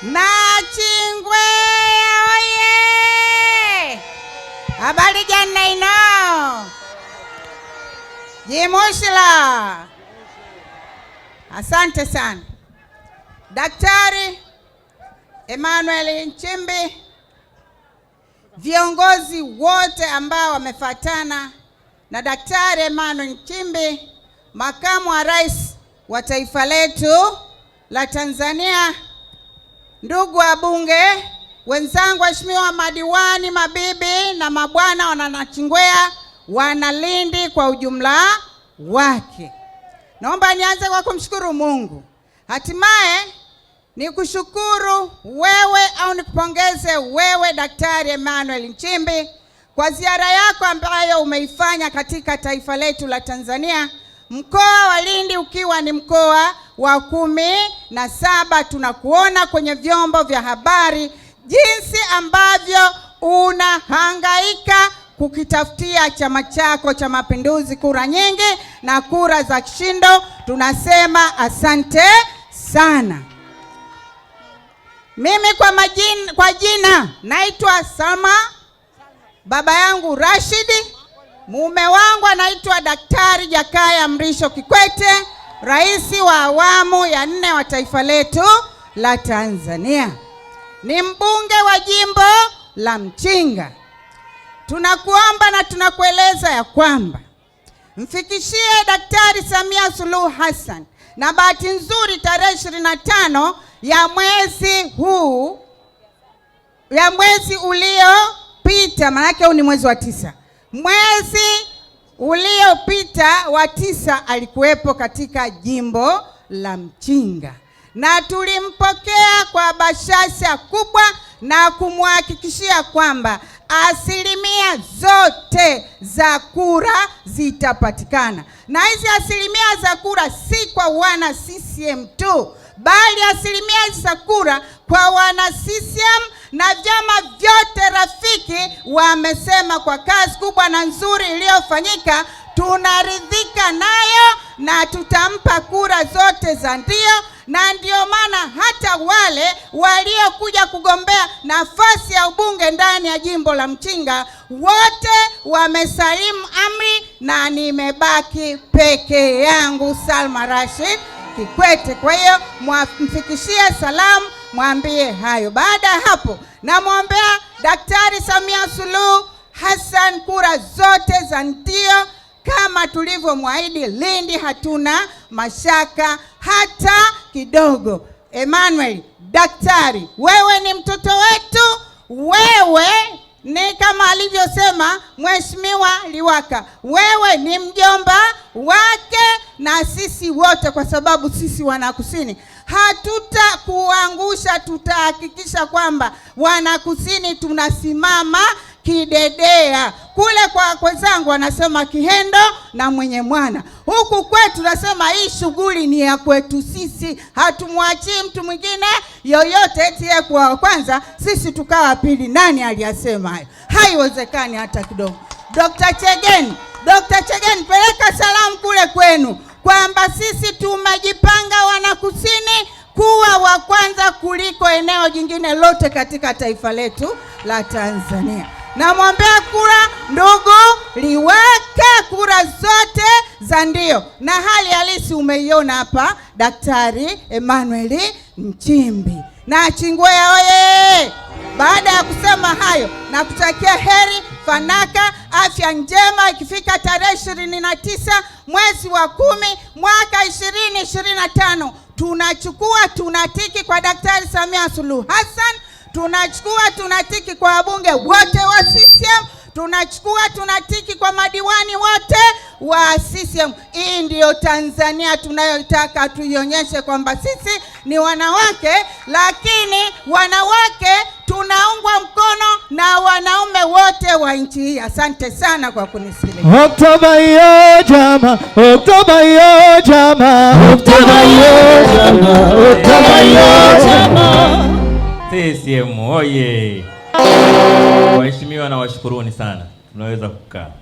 Machingwe oye! Habari jana ino jimushila. Asante sana Daktari Emmanuel Nchimbi, viongozi wote ambao wamefatana na Daktari Emmanuel Nchimbi, makamu wa rais wa taifa letu la Tanzania Ndugu wa bunge wenzangu, waheshimiwa madiwani, mabibi na mabwana, wananachingwea, wanalindi kwa ujumla wake, naomba nianze kwa kumshukuru Mungu. Hatimaye nikushukuru wewe au nikupongeze wewe Daktari Emmanuel Nchimbi kwa ziara yako ambayo umeifanya katika taifa letu la Tanzania, mkoa wa Lindi ukiwa ni mkoa wa kumi na saba, tunakuona kwenye vyombo vya habari jinsi ambavyo unahangaika kukitafutia chama chako cha Mapinduzi kura nyingi na kura za kishindo. Tunasema asante sana. Mimi kwa majina, kwa jina naitwa Salma, baba yangu Rashidi, mume wangu anaitwa Daktari Jakaya Mrisho Kikwete rais wa awamu ya nne wa taifa letu la Tanzania, ni mbunge wa jimbo la Mchinga. Tunakuomba na tunakueleza ya kwamba mfikishie Daktari Samia Suluhu Hassan, na bahati nzuri tarehe 25 ya mwezi huu ya mwezi uliopita, maanake huu ni mwezi wa tisa, mwezi uliopita wa tisa alikuwepo katika jimbo la Mchinga na tulimpokea kwa bashasha kubwa na kumhakikishia kwamba asilimia zote za kura zitapatikana, na hizi asilimia za kura si kwa wana CCM tu, bali asilimia za kura kwa wana CCM na vyama vyote rafiki wamesema kwa kazi kubwa na nzuri iliyofanyika tunaridhika nayo na tutampa kura zote za ndio, na ndio maana hata wale waliokuja kugombea nafasi ya ubunge ndani ya jimbo la Mchinga wote wamesalimu amri na nimebaki peke yangu Salma Rashid Kikwete. Kwa hiyo mwafikishie salamu mwambie hayo. Baada ya hapo, namwombea Daktari Samia Suluhu Hassan kura zote za ndio, kama tulivyomwahidi Lindi, hatuna mashaka hata kidogo. Emmanuel, daktari, wewe ni mtoto wetu, wewe ni kama alivyosema Mheshimiwa Liwaka, wewe ni mjomba wake na sisi wote, kwa sababu sisi Wanakusini hatutakuangusha. Tutahakikisha kwamba Wanakusini tunasimama kidedea. Kule kwa kwezangu wanasema kihendo na mwenye mwana Huku kwetu nasema hii shughuli ni ya kwetu sisi, hatumwachii mtu mwingine yoyote eti yeye kuwa wa kwanza sisi tukawa pili. Nani aliyasema hayo? Haiwezekani hata kidogo. Dr. Chegeni, Dr. Chegeni, peleka salamu kule kwenu kwamba sisi tumejipanga wanakusini kuwa wa kwanza kuliko eneo jingine lote katika taifa letu la Tanzania. Namwombea kura ndugu Liweke, kura zote za ndio, na hali halisi umeiona hapa. Daktari Emmanuel Nchimbi na Nachingwea oye! Baada ya kusema hayo, na kutakia heri, fanaka, afya njema. Ikifika tarehe ishirini na tisa mwezi wa kumi mwaka ishirini ishirini na tano tunachukua tunatiki kwa Daktari Samia Suluhu Hassan, tunachukua tunatiki kwa wabunge wote wa CCM, tunachukua tunatiki kwa madiwani wote wa CCM. Hii ndiyo Tanzania tunayoitaka, tuionyeshe kwamba sisi ni wanawake, lakini wanawake tunaungwa mkono na wanaume wote wa nchi hii. Asante sana kwa kunisikiliza. Oktoba hiyo jama, Oktoba hiyo jama, Oktoba hiyo jama, Oktoba hiyo jama. CCM oye! Waheshimiwa na washukuruni sana, tunaweza kukaa.